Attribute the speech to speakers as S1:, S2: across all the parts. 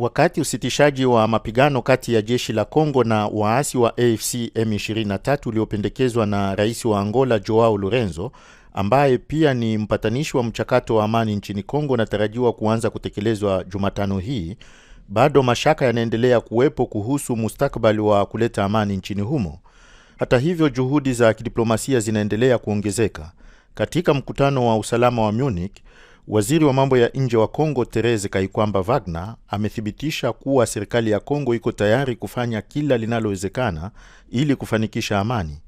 S1: Wakati usitishaji wa mapigano kati ya jeshi la Kongo na waasi wa AFC M23 uliopendekezwa na rais wa Angola Joao Lorenzo, ambaye pia ni mpatanishi wa mchakato wa amani nchini Kongo, unatarajiwa kuanza kutekelezwa Jumatano hii, bado mashaka yanaendelea kuwepo kuhusu mustakabali wa kuleta amani nchini humo. Hata hivyo, juhudi za kidiplomasia zinaendelea kuongezeka. Katika mkutano wa usalama wa Munich Waziri wa mambo ya nje wa Kongo Therese Kaikwamba Wagner amethibitisha kuwa serikali ya Kongo iko tayari kufanya kila linalowezekana ili kufanikisha amani.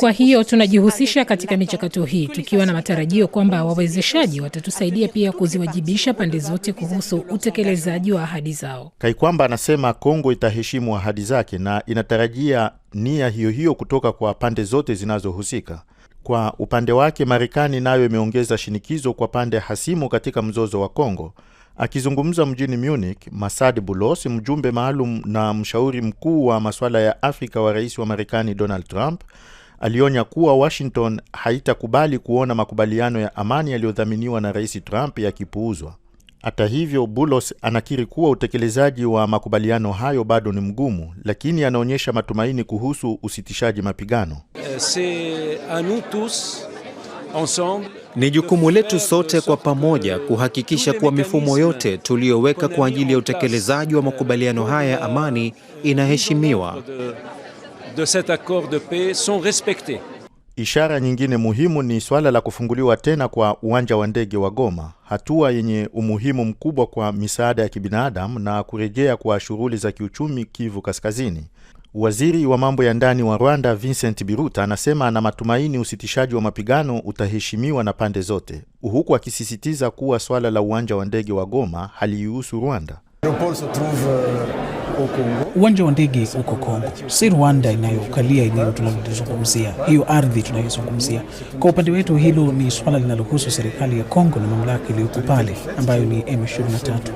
S2: Kwa hiyo tunajihusisha katika michakato hii tukiwa na matarajio kwamba wawezeshaji watatusaidia pia kuziwajibisha pande zote kuhusu utekelezaji wa ahadi zao.
S1: Kaikwamba anasema Kongo itaheshimu ahadi zake na inatarajia nia hiyo hiyo kutoka kwa pande zote zinazohusika. Kwa upande wake, Marekani nayo imeongeza shinikizo kwa pande hasimu katika mzozo wa congo Akizungumza mjini Munich, Masad Bulos, mjumbe maalum na mshauri mkuu wa masuala ya Afrika wa rais wa Marekani Donald Trump, alionya kuwa Washington haitakubali kuona makubaliano ya amani yaliyodhaminiwa na Rais Trump yakipuuzwa. Hata hivyo, Bulos anakiri kuwa utekelezaji wa makubaliano hayo bado ni mgumu, lakini anaonyesha matumaini kuhusu usitishaji mapigano.
S3: Euh, c'est à nous tous ensemble ni jukumu letu sote kwa pamoja kuhakikisha kuwa mifumo yote tuliyoweka kwa ajili ya utekelezaji wa makubaliano haya ya amani inaheshimiwa.
S1: Ishara nyingine muhimu ni suala la kufunguliwa tena kwa uwanja wa ndege wa Goma, hatua yenye umuhimu mkubwa kwa misaada ya kibinadamu na kurejea kwa shughuli za kiuchumi Kivu Kaskazini. Waziri wa mambo ya ndani wa Rwanda Vincent Biruta anasema ana matumaini usitishaji wa mapigano utaheshimiwa na pande zote, huku akisisitiza kuwa swala la uwanja wa ndege wa Goma haliihusu Rwanda.
S4: Euh, uwanja wa ndege uko Kongo, si Rwanda inayokalia eneo tunalozungumzia, hiyo ardhi tunayozungumzia. Kwa upande wetu, hilo ni swala linalohusu serikali ya Kongo na mamlaka iliyoko pale ambayo ni M23.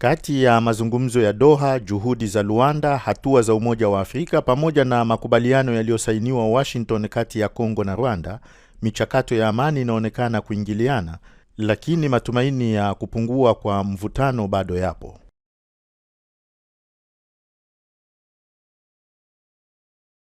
S1: Kati ya mazungumzo ya Doha, juhudi za Luanda, hatua za Umoja wa Afrika pamoja na makubaliano yaliyosainiwa Washington kati ya Kongo na Rwanda, michakato ya amani inaonekana kuingiliana, lakini matumaini ya kupungua kwa mvutano bado yapo.